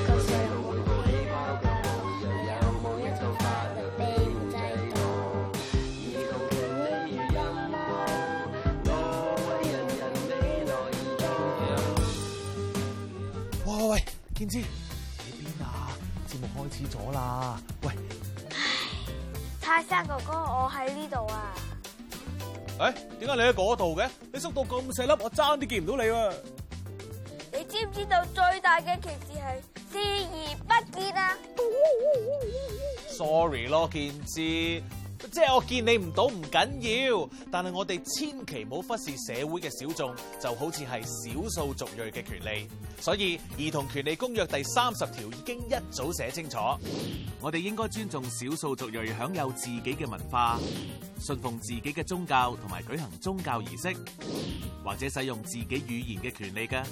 哇有有人人喂，健知你邊啊？節目開始咗啦！喂唉，泰山哥哥，我喺呢度啊。哎，點解你喺嗰度嘅？你縮到咁細粒，我爭啲見唔到你啊。你知唔知道最大嘅歧視係？sorry 咯，建智，即係我見你唔到唔緊要，但係我哋千祈唔好忽視社會嘅小眾，就好似係少數族裔嘅權利。所以《兒童權利公約》第三十條已經一早寫清楚， 我哋應該尊重少數族裔享有自己嘅文化、信奉自己嘅宗教同埋舉行宗教儀式或者使用自己語言嘅權利噶。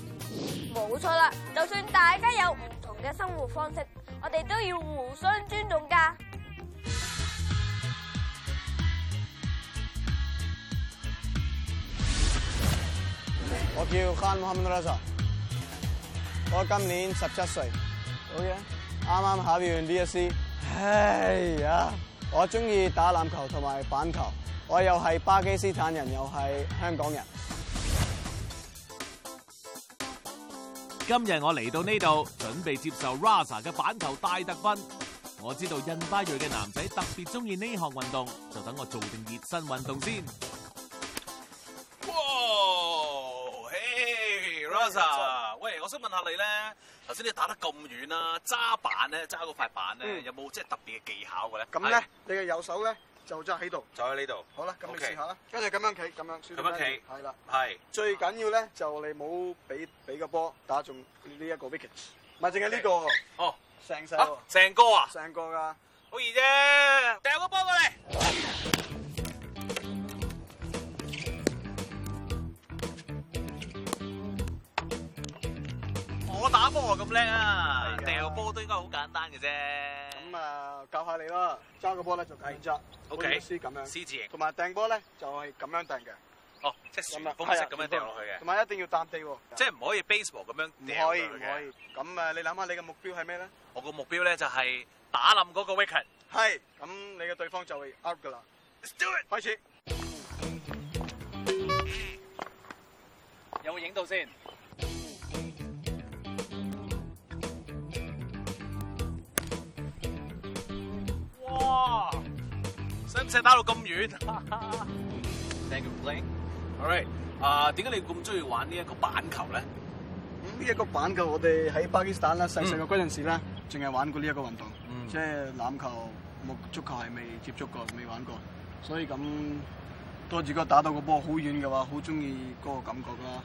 冇錯啦，就算大家有唔同嘅生活方式。我哋都要互相尊重㗎。我叫阿罕·穆罕默德·拉扎，我今年十七歲。好嘅，啱啱考完 DSC。係哎呀，我鍾意打籃球同埋板球，我又係巴基斯坦人，又係香港人。今日我嚟到呢度，準備接受 Rasa 嘅板球大特訓。我知道印巴裔嘅男仔特別中意呢項運動，就等我做定熱身運動先。哇！嘿、hey, hey，Rasa，hey, 喂，我想問下你咧，頭先你打得咁遠啦，揸板咧，揸嗰塊板咧，有冇即係特別嘅技巧嘅咧？咁咧、嗯，是你嘅右手咧？就揸喺度，就喺呢度。好啦，咁你試下啦，跟住咁樣企，咁樣，咁樣企，係啦，係。最緊要咧，就你冇俾俾個波打中呢一個 wicket，唔係淨係呢個，哦，成曬成個啊，成個噶，好易啫，掟個波過嚟。我打波咁叻啊！波都應該好簡單嘅啫，咁啊教下你咯，揸個波咧就擠扎，OK，C 字形咁樣，C 字形 Okay,，同埋掟波咧就係、是、咁樣掟嘅，哦、oh,，即係斜方式咁樣掟落去嘅，同埋一定要彈地，即係唔可以 baseball 咁樣掟落去嘅，唔可以唔可以，咁啊你諗下你嘅目標係咩咧？我個目標咧就係打冧嗰個 wicket，係，咁你嘅對方就會 out 噶啦，Let's do it，開始，有冇影到先？即係打到咁遠 ，thank you. All right，啊，點解你咁中意玩呢一個板球咧？呢一、嗯呢個板球，我哋喺巴基斯坦啦，細細個嗰陣時咧，淨係玩過呢一個運動，嗯、即係籃球冇足球係未接觸過，未玩過，所以咁多住個打到個波好遠嘅話，好中意嗰個感覺啦。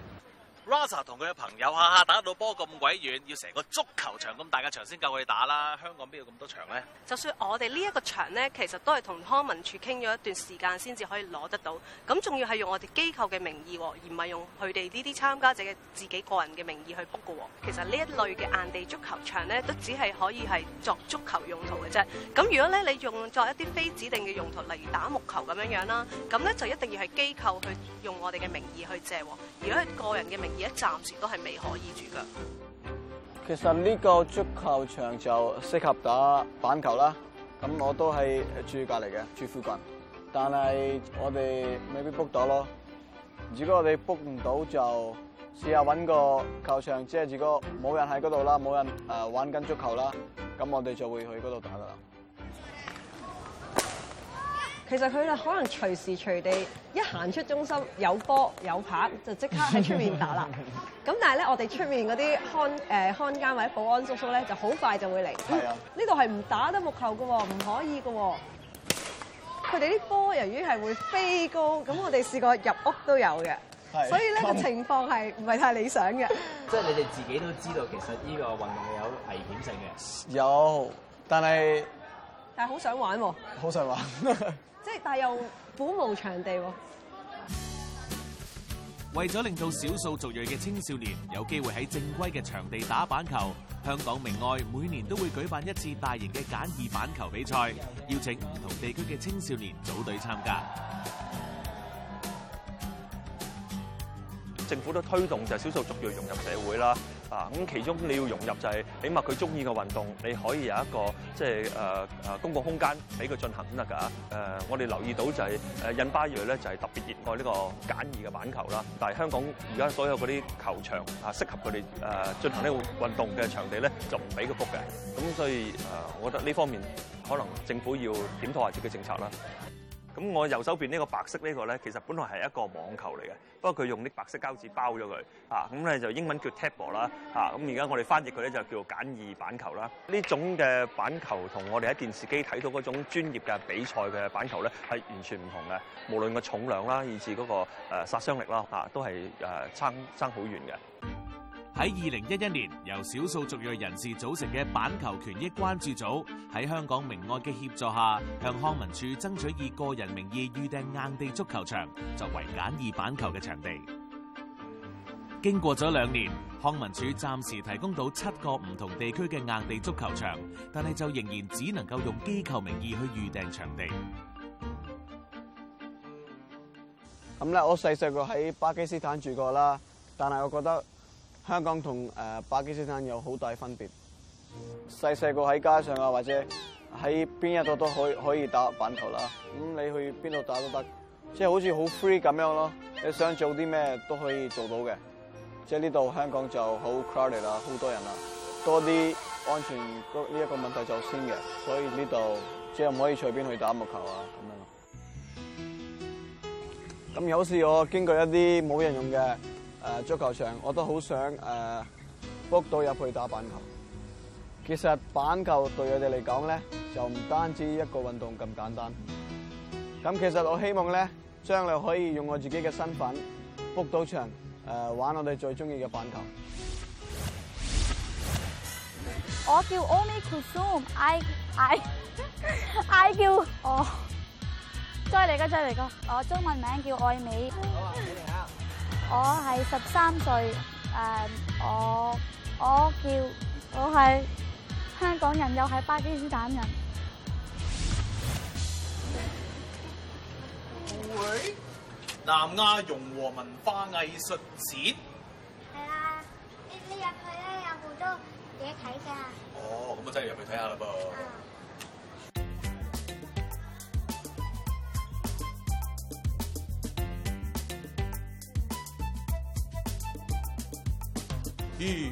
Rasa 同佢嘅朋友下下打到波咁鬼遠，要成個足球場咁大嘅場先夠佢哋打啦。香港邊有咁多場咧？就算我哋呢一個場咧，其實都係同康文署傾咗一段時間先至可以攞得到。咁仲要係用我哋機構嘅名義，而唔係用佢哋呢啲參加者嘅自己個人嘅名義去 book 嘅。其實呢一類嘅硬地足球場咧，都只係可以係作足球用途嘅啫。咁如果咧你用作一啲非指定嘅用途，例如打木球咁樣樣啦，咁咧就一定要係機構去用我哋嘅名義去借。如果係個人嘅名，而家暫時都係未可以住噶。其實呢個足球場就適合打板球啦。咁我都係住隔離嘅，住附近。但係我哋未必 book 到咯。如果我哋 book 唔到，就試下揾個球場，即係如果冇人喺嗰度啦，冇人誒、呃、玩緊足球啦。咁我哋就會去嗰度打啦。其實佢哋可能隨時隨地一行出中心有波有，有棒就即刻喺出面打啦。咁 但係咧，我哋出面嗰啲看誒看監或者保安叔叔咧，就好快就會嚟。係啊，呢度係唔打得木球嘅喎，唔可以嘅喎。佢哋啲波由於係會飛高，咁我哋試過入屋都有嘅。係是，所以咧個情況係唔係太理想嘅。即係 你哋自己都知道，其實呢個運動係有危險性嘅。有，但係但係好想玩喎，啊。好想玩。 即係，但又苦無場地喎。為咗令到少數族裔嘅青少年有機會喺正規嘅場地打板球，香港明愛每年都會舉辦一次大型嘅簡易板球比賽，邀請唔同地區嘅青少年組隊參加。政府都推動就少數族裔融入社會啦。啊，咁其中你要融入就係，起碼佢中意嘅運動，你可以有一個即係誒誒公共空間俾佢進行先得㗎。誒、呃，我哋留意到就係、是、誒印巴裔咧就係特別熱愛呢個簡易嘅板球啦，但係香港而家所有嗰啲球場啊，適合佢哋誒進行呢個運動嘅場地咧就唔俾佢 book 嘅。咁所以誒、呃，我覺得呢方面可能政府要檢討下自己嘅政策啦。咁我右手邊呢個白色這個呢個咧，其實本來係一個網球嚟嘅，不過佢用啲白色膠紙包咗佢，啊，咁咧就英文叫 table 啦、啊，啊，咁而家我哋翻譯佢咧就叫做簡易板球啦。呢、啊、種嘅板球同我哋喺電視機睇到嗰種專業嘅比賽嘅板球咧，係完全唔同嘅，無論個重量啦，以至嗰個誒殺傷力啦，啊，都係誒、啊、差差好遠嘅。喺二零一一年，由少數族裔人士組成嘅板球權益關注組喺香港明愛嘅協助下，向康文署爭取以個人名義預訂硬地足球場作為簡易板球嘅場地。經過咗兩年，康文署暫時提供到七個唔同地區嘅硬地足球場，但係就仍然只能夠用機構名義去預訂場地。咁咧、嗯，我細細個喺巴基斯坦住過啦，但係我覺得。香港同誒、呃、巴基斯坦有好大分別，細細個喺街上啊，或者喺邊一度都可以可以打板球啦。咁你去邊度打都得，即係好似好 free 咁樣咯。你想做啲咩都可以做到嘅。即係呢度香港就好 crowded 啦，好多人啦，多啲安全呢一個問題就先嘅。所以呢度即係唔可以隨便去打木球啊咁樣咯。咁有時我經過一啲冇人用嘅。誒，uh, 足球場我都好想誒 book、uh, 到入去打板球。其實板球對我哋嚟講咧，就唔單止一個運動咁簡單。咁其實我希望咧，將來可以用我自己嘅身份 book 到場誒、uh, 玩我哋最中意嘅板球。我叫 Omi Kusum，愛愛 i 叫哦、oh.，再嚟個再嚟個，我、oh, 中文名叫愛美。好你我係十三歲，誒，我我叫我係香港人又係巴基斯坦人。喂，南亞融和文化藝術節係啊，你你入去咧有好多嘢睇噶。哦，咁我真係入去睇下啦噃。嗯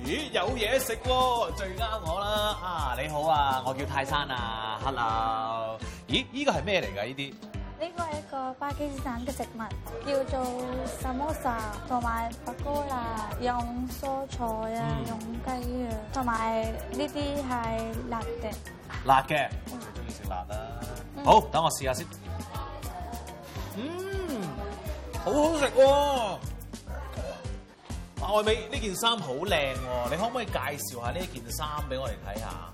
咦，有嘢食喎，最啱我啦！啊，你好啊，我叫泰山啊，Hello。咦，呢個係咩嚟㗎？呢啲？呢個係一個巴基斯坦嘅食物，叫做 Samosa，同埋 Pakora，用蔬菜啊，用雞啊，同埋呢啲係辣嘅，辣嘅，我最鍾意食辣啦。好，等我試下先。嗯，好好食喎。外尾呢件衫好靚喎，你可唔可以介紹下呢件衫俾我哋睇下？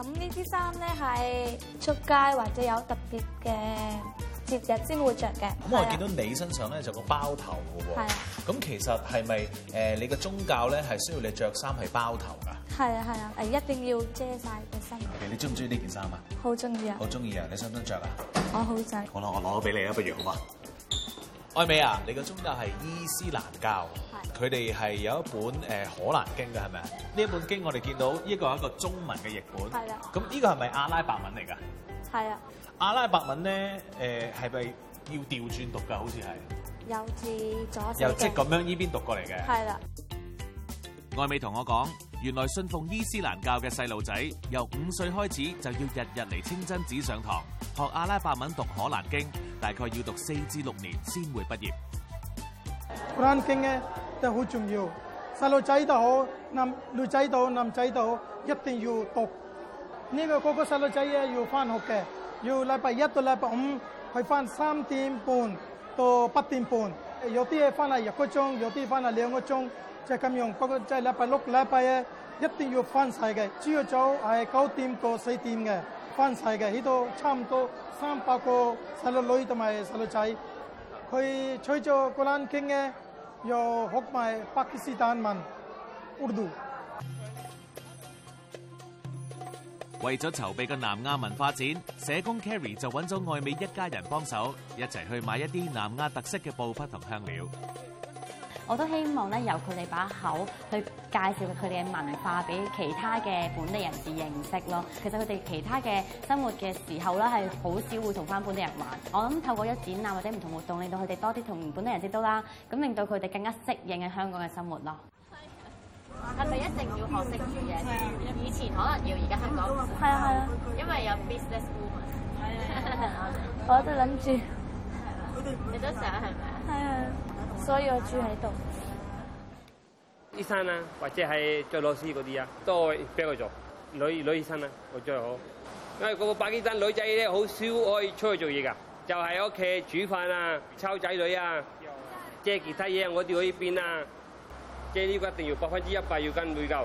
咁呢啲衫咧係出街或者有特別嘅節日先會着嘅。咁我見到是、啊、你身上咧就個包頭嘅喎。係。咁其實係咪誒你嘅宗教咧係需要你着衫係包頭㗎？係啊係啊，誒、啊、一定要遮晒個身。你中唔中意呢件衫啊？好中意啊！好中意啊！你想唔想着啊？我好想。好啦，我攞咗俾你啊，不如好嘛。愛美啊，你嘅宗教係伊斯蘭教，佢哋係有一本誒、呃《可蘭經》嘅係咪啊？呢的一本經我哋見到呢個係一個中文嘅譯本，咁呢的個係咪阿拉伯文嚟㗎？係啊的，阿拉伯文咧誒係咪要調轉讀㗎？好似係又似咗左，由即咁樣依邊讀過嚟嘅。係啦的，愛美同我講，原來信奉伊斯蘭教嘅細路仔由五歲開始就要日日嚟清真寺上堂學阿拉伯文讀可蘭經。大概要讀四至六年先會畢業。古蘭經呢，都好重要。細路仔都好，女細路仔都、男仔都，一定要讀。呢個嗰個細路仔啊，要翻學嘅，要禮拜一到禮拜五，去翻三點半到八點半。有啲嘢，翻嚟一個鐘，有啲翻嚟兩個鐘，就係咁樣。不過即係禮拜六、禮拜一，一定要翻晒嘅。朝早係九點過四點嘅。翻晒嘅。呢度差唔多三百個細路女同埋細路仔。佢吹咗個 l u n，又學埋巴基斯坦文。我哋為咗籌備個南亞文化展，社工 Kerry 就揾咗愛美一家人幫手，一齊去買一啲南亞特色嘅布匹同香料。我都希望咧，由佢哋把口去介紹佢哋嘅文化俾其他嘅本地人士認識咯。其實佢哋其他嘅生活嘅時候咧，係好少會同翻本地人玩。我諗透過一展啊或者唔同活動，令到佢哋多啲同本地人識到啦，咁令到佢哋更加適應喺香港嘅生活咯，啊。係咪一定要學識煮嘢？以前可能要，而家香港係啊，係啊，因為有 business woman。我都諗住，你都想係咪啊？係啊。所以我住喺度。醫生啊，或者係做老師嗰啲啊，都俾佢做。女女醫生啊，我最好。因為嗰個巴基斯坦女仔咧，好少可以出去做嘢噶，就係屋企煮飯啊、湊仔女啊，即係其他嘢我哋可以變啊。即係呢個一定要百分之一百要跟回教，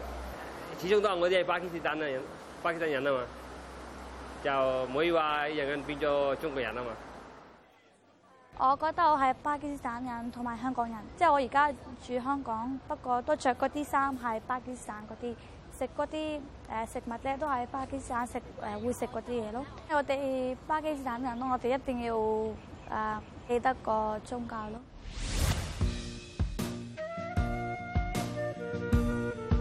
始終都係我哋係巴基斯坦人，巴基斯坦人啊嘛，就唔可以話人人變咗中國人啊嘛。我覺得我係巴基斯坦人同埋香港人，即係我而家住香港，不過都著嗰啲衫係巴基斯坦嗰啲，食嗰啲誒食物咧都係巴基斯坦食誒會食嗰啲嘢咯。因為我哋巴基斯坦人咯，我哋一定要誒記得個宗教咯。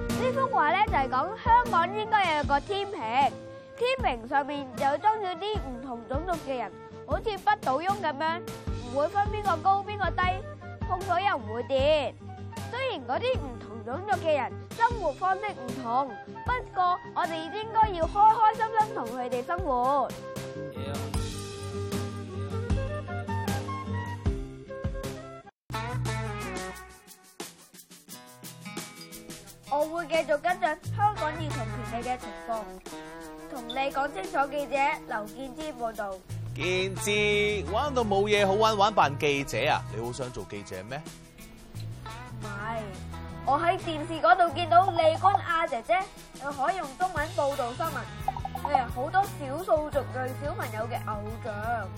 呢幅畫咧就係講香港應該有個天平，天平上面就裝住啲唔同種族嘅人，好似不倒翁咁樣。會分邊個高邊個低，碰咗又唔會跌。雖然嗰啲唔同種族嘅人生活方式唔同，不過我哋應該要開開心心同佢哋生活。我會繼續跟進香港兒童權利嘅情況，同你講清楚。記者劉建之報道。健智玩到冇嘢好玩，玩扮記者啊！你好想做記者咩？唔係，我喺電視嗰度見到利君雅姐姐，佢可以用中文報道新聞，誒，好多少數族裔小朋友嘅偶像。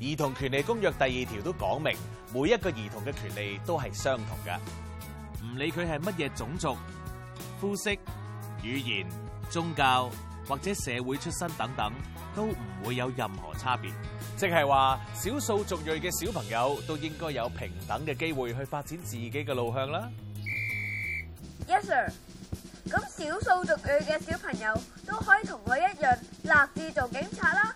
兒童權利公約第二條都講明，每一個兒童嘅權利都係相同㗎，唔理佢係乜嘢種族、膚色、語言、宗教。或者社會出身等等都唔會有任何差別，即係話少數族裔嘅小朋友都應該有平等嘅機會去發展自己嘅路向啦。Yes sir，咁少數族裔嘅小朋友都可以同我一樣立志做警察啦。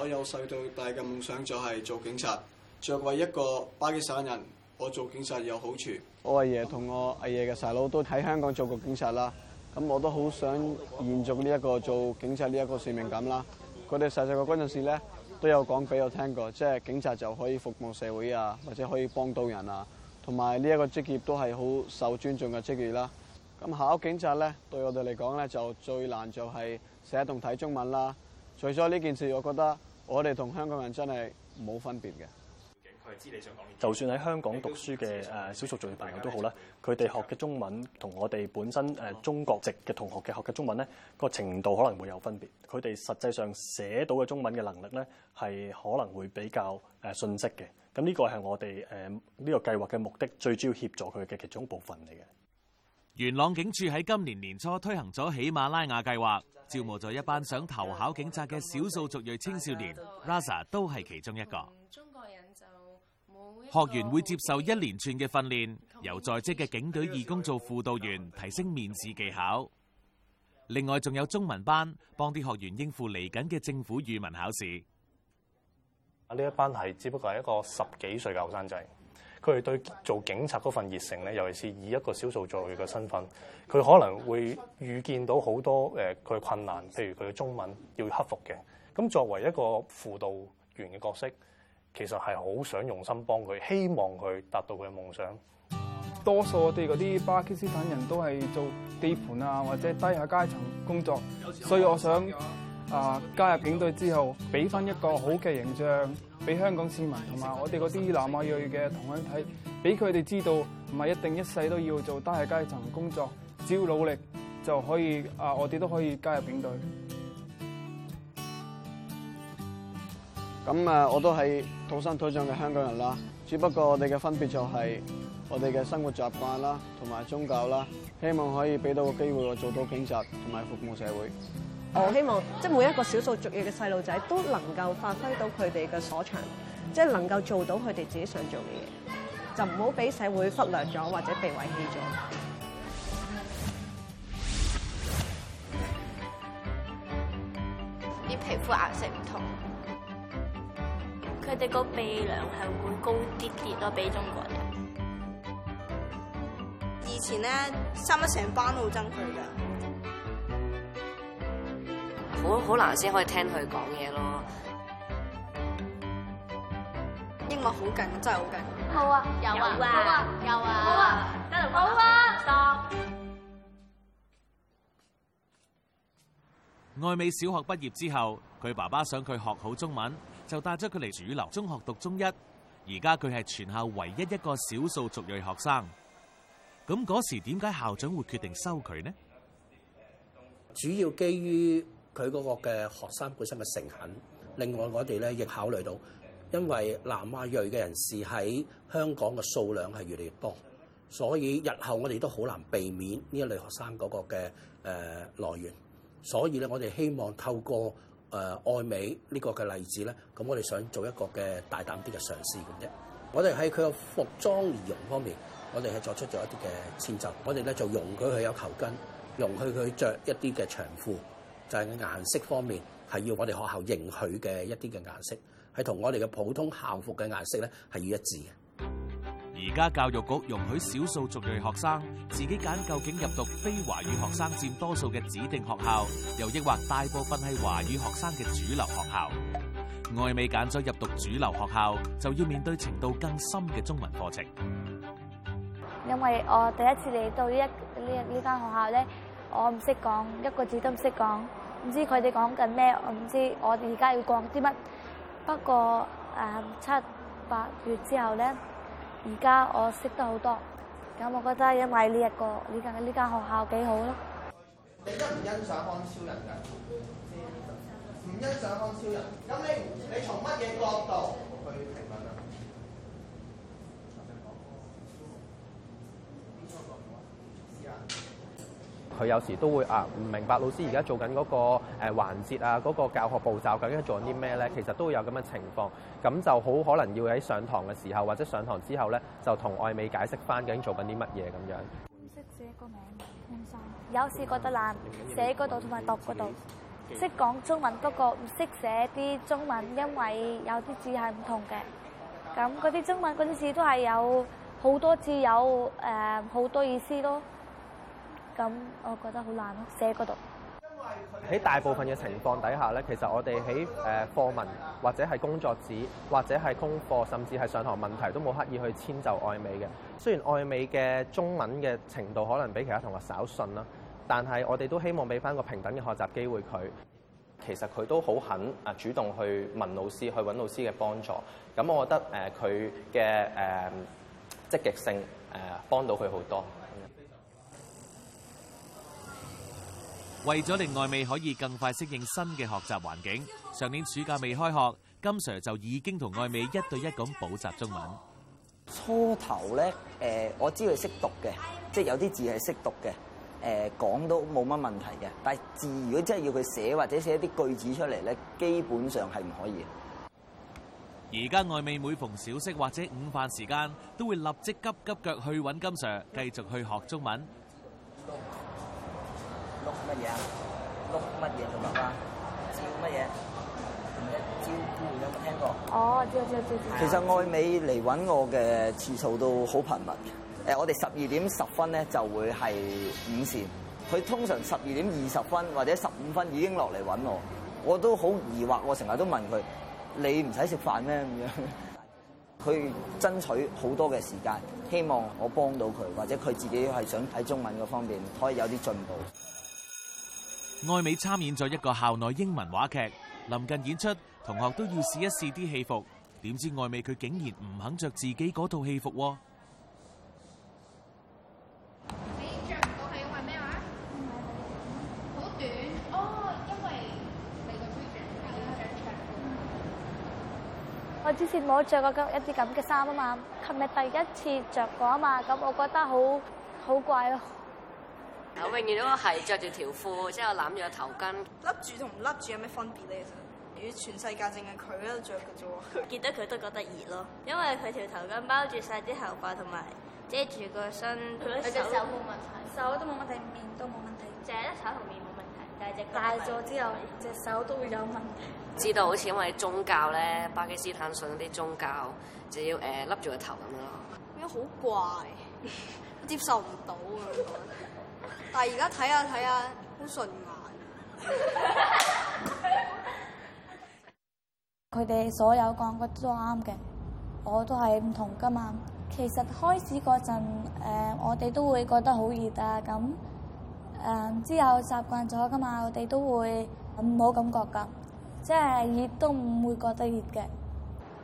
我由細到大嘅夢想就係做警察，作為一個巴基斯坦人，我做警察有好處。我阿爺同我阿爺嘅細佬都喺香港做過警察啦。咁我都好想延續呢一個做警察呢一個使命感啦。佢哋細細個嗰陣時咧，都有講俾我聽過，即係警察就可以服務社會啊，或者可以幫到人啊，同埋呢一個職業都係好受尊重嘅職業啦。咁考警察咧，對我哋嚟講咧就最難就係寫同睇中文啦。除咗呢件事，我覺得我哋同香港人真係冇分別嘅。就算喺香港讀書嘅誒少數族裔朋友都好啦，佢哋學嘅中文同我哋本身誒中國籍嘅同學嘅學嘅中文咧，個程度可能會有分別。佢哋實際上寫到嘅中文嘅能力咧，係可能會比較誒遜色嘅。咁呢個係我哋誒呢個計劃嘅目的，最主要協助佢嘅其中部分嚟嘅。元朗警署喺今年年初推行咗喜馬拉雅計劃，招募咗一班想投考警察嘅少數族裔青少年，Rasa 都係其中一個。學員會接受一連串嘅訓練，由在職嘅警隊義工做輔導員，提升面試技巧。另外，仲有中文班，幫啲學員應付嚟緊嘅政府語文考試。啊，呢一班係只不過係一個十幾歲嘅後生仔，佢哋對做警察嗰份熱誠咧，尤其是以一個少數族裔嘅身份，佢可能會遇見到好多誒佢嘅困難，譬如佢嘅中文要克服嘅。咁作為一個輔導員嘅角色。其實係好想用心幫佢，希望佢達到佢嘅夢想。多數我哋嗰啲巴基斯坦人都係做地盤啊，或者低下階層工作。所以我想啊，加入警隊之後，畀返一個好嘅形象俾香港市民同埋我哋嗰啲南亞裔嘅同鄉睇，俾佢哋知道唔係一定一世都要做低下階層工作，只要努力就可以啊！我哋都可以加入警隊。咁啊，我都係土生土長嘅香港人啦，只不過我哋嘅分別就係我哋嘅生活習慣啦，同埋宗教啦。希望可以俾到個機會我做到警察同埋服務社會。我希望即係、就是、每一個少數族裔嘅細路仔都能夠發揮到佢哋嘅所長，即、就、係、是、能夠做到佢哋自己想做嘅嘢，就唔好俾社會忽略咗或者被遺棄咗。啲皮膚顏色唔同。佢哋個鼻梁係會高啲啲咯，比中國人。以前咧，三一成班都好憎佢噶，好好難先可以聽佢講嘢咯。英文好勁，真係好勁。好啊，有啊，好啊，有啊，好啊，好啊，得。愛美小學畢業之後，佢爸爸想佢學好中文。就帶咗佢嚟主流中學讀中一，而家佢係全校唯一一個少數族裔學生。咁嗰時點解校長會決定收佢呢？主要基於佢嗰個嘅學生本身嘅誠懇，另外我哋咧亦考慮到，因為南亞裔嘅人士喺香港嘅數量係越嚟越多，所以日後我哋都好難避免呢一類學生嗰個嘅誒來源，所以咧我哋希望透過。誒、呃、愛美呢個嘅例子咧，咁我哋想做一個嘅大膽啲嘅嘗試嘅啫。我哋喺佢嘅服裝儀容方面，我哋係作出咗一啲嘅遷就。我哋咧就容許佢有頭巾，容許佢着一啲嘅長褲。就係、喺、顏色方面，係要我哋學校認許嘅一啲嘅顏色，係同我哋嘅普通校服嘅顏色咧係要一致嘅。而家教育局容許少數族裔學生自己揀，究竟入讀非華語學生佔多數嘅指定學校，又抑或大部分係華語學生嘅主流學校？外美揀咗入讀主流學校，就要面對程度更深嘅中文課程。因為我第一次嚟到呢一呢呢間學校咧，我唔識講一個字都唔識講，唔知佢哋講緊咩，我唔知我而家要講啲乜。不過誒，七八月之後咧。而家我識得好多，咁我覺得因為呢、這、一個呢間呢間學校幾好咯。你欣唔欣賞康超人㗎？唔欣賞康超人，咁你你從乜嘢角度？佢有時都會啊唔明白老師而家做緊嗰個誒環節啊，嗰個教學步驟究竟係做緊啲咩咧？其實都會有咁嘅情況，咁就好可能要喺上堂嘅時候或者上堂之後咧，就同愛美解釋翻究竟做緊啲乜嘢咁樣。識寫個名，名有時覺得難，寫嗰度同埋讀嗰度。識講中文、嗰個，不過唔識寫啲中文，因為有啲字係唔同嘅。咁嗰啲中文嗰啲字都係有好多字有誒好多意思咯。咁我覺得好難咯，寫嗰度。因為喺大部分嘅情況底下咧，其實我哋喺誒課文或者係工作紙或者係功課，甚至係上堂問題都冇刻意去遷就愛美嘅。雖然愛美嘅中文嘅程度可能比其他同學稍遜啦，但係我哋都希望俾翻個平等嘅學習機會佢。其實佢都好肯啊，主動去問老師，去揾老師嘅幫助。咁我覺得誒佢嘅誒積極性誒幫到佢好多。為咗令外美可以更快適應新嘅學習環境，上年暑假未開學，金 Sir 就已經同外美一對一咁補習中文。初初呢，初頭咧，誒，我知佢識讀嘅，即係有啲字係識讀嘅，誒、呃，講都冇乜問題嘅。但係字如果真係要佢寫或者寫一啲句子出嚟咧，基本上係唔可以。而家外美每逢小息或者午飯時間，都會立即急急腳去揾金 Sir 繼續去學中文。碌乜嘢啊？碌乜嘢嘅文啊？照乜嘢？一招呼有冇聽，聽過？哦，招招招其實愛美嚟搵我嘅次數都好頻密誒，我哋十二點十分咧就會係午膳，佢通常十二點二十分或者十五分已經落嚟搵我，我都好疑惑，我成日都問佢，你唔使食飯咩？咁樣佢爭取好多嘅時間，希望我幫到佢，或者佢自己係想喺中文嘅方面可以有啲進步。愛美參演咗一個校內英文話劇，臨近演出，同學都要試一試啲戲服，點知愛美佢竟然唔肯着自己嗰套戲服。你着唔到係因為咩話？好短哦，因為嚟個推薦，大家想唔想？我之前冇着過一啲咁嘅衫啊嘛，琴日第一次着過啊嘛，咁我覺得好好怪咯。啊！ 永遠都係着住條褲，之後攬住個頭巾。笠住同唔笠住有咩分別咧？其實，而全世界淨係佢喺度着嘅啫。見 得佢都覺得熱咯，因為佢條頭巾包住晒啲頭髮，同埋遮住個身。佢隻手冇問題，手都冇問題，面都冇問題，隻手同面冇問題，但係隻大咗之後隻是手都會有問題。 知道好似因為宗教咧，巴基斯坦信嗰啲宗教，就要誒笠住個頭咁咯。咁樣 好怪，接受唔到啊！ 但係而家睇下睇下，好順眼。佢 哋所有講嘅都啱嘅，我都係唔同噶嘛。其實開始嗰陣，呃，我哋都會覺得好熱啊，咁誒、呃、之後習慣咗噶嘛，我哋都會冇、呃、感覺噶，即係熱都唔會覺得熱嘅。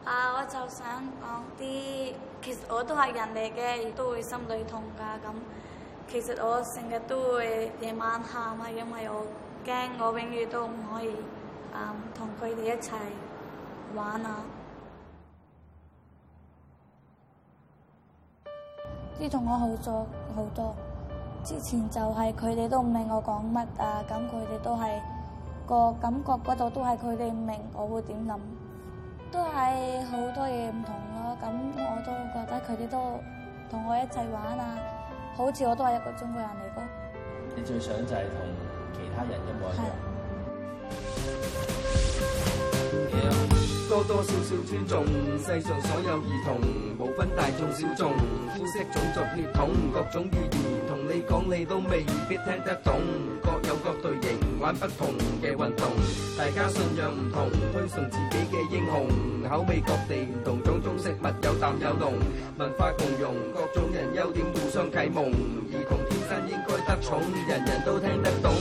啊，我就想講啲，其實我都係人嚟嘅，亦都會心裏痛噶咁。其實我成日都會夜晚喊啊，因為我驚我永遠都唔可以啊同佢哋一齊玩啊。啲同我好咗好多，之前就係佢哋都唔明我講乜啊，咁佢哋都係、個感覺嗰度都係佢哋唔明，我會點諗？都係好多嘢唔同咯、啊，咁我都覺得佢哋都同我一齊玩啊。好似我都係一個中國人嚟㗎。你最想就係同其他人一模一樣。是多多少少尊重世上所有兒童，無分大眾小眾，膚 色種族血統，各種語言同你講，你都未必聽得懂。各隊形玩不同嘅運動，大家信仰唔同，推崇自己嘅英雄，口味各地唔同，種種食物有淡有濃，文化共融，各種人優點互相啟蒙，兒童天生應該得寵，人人都聽得懂。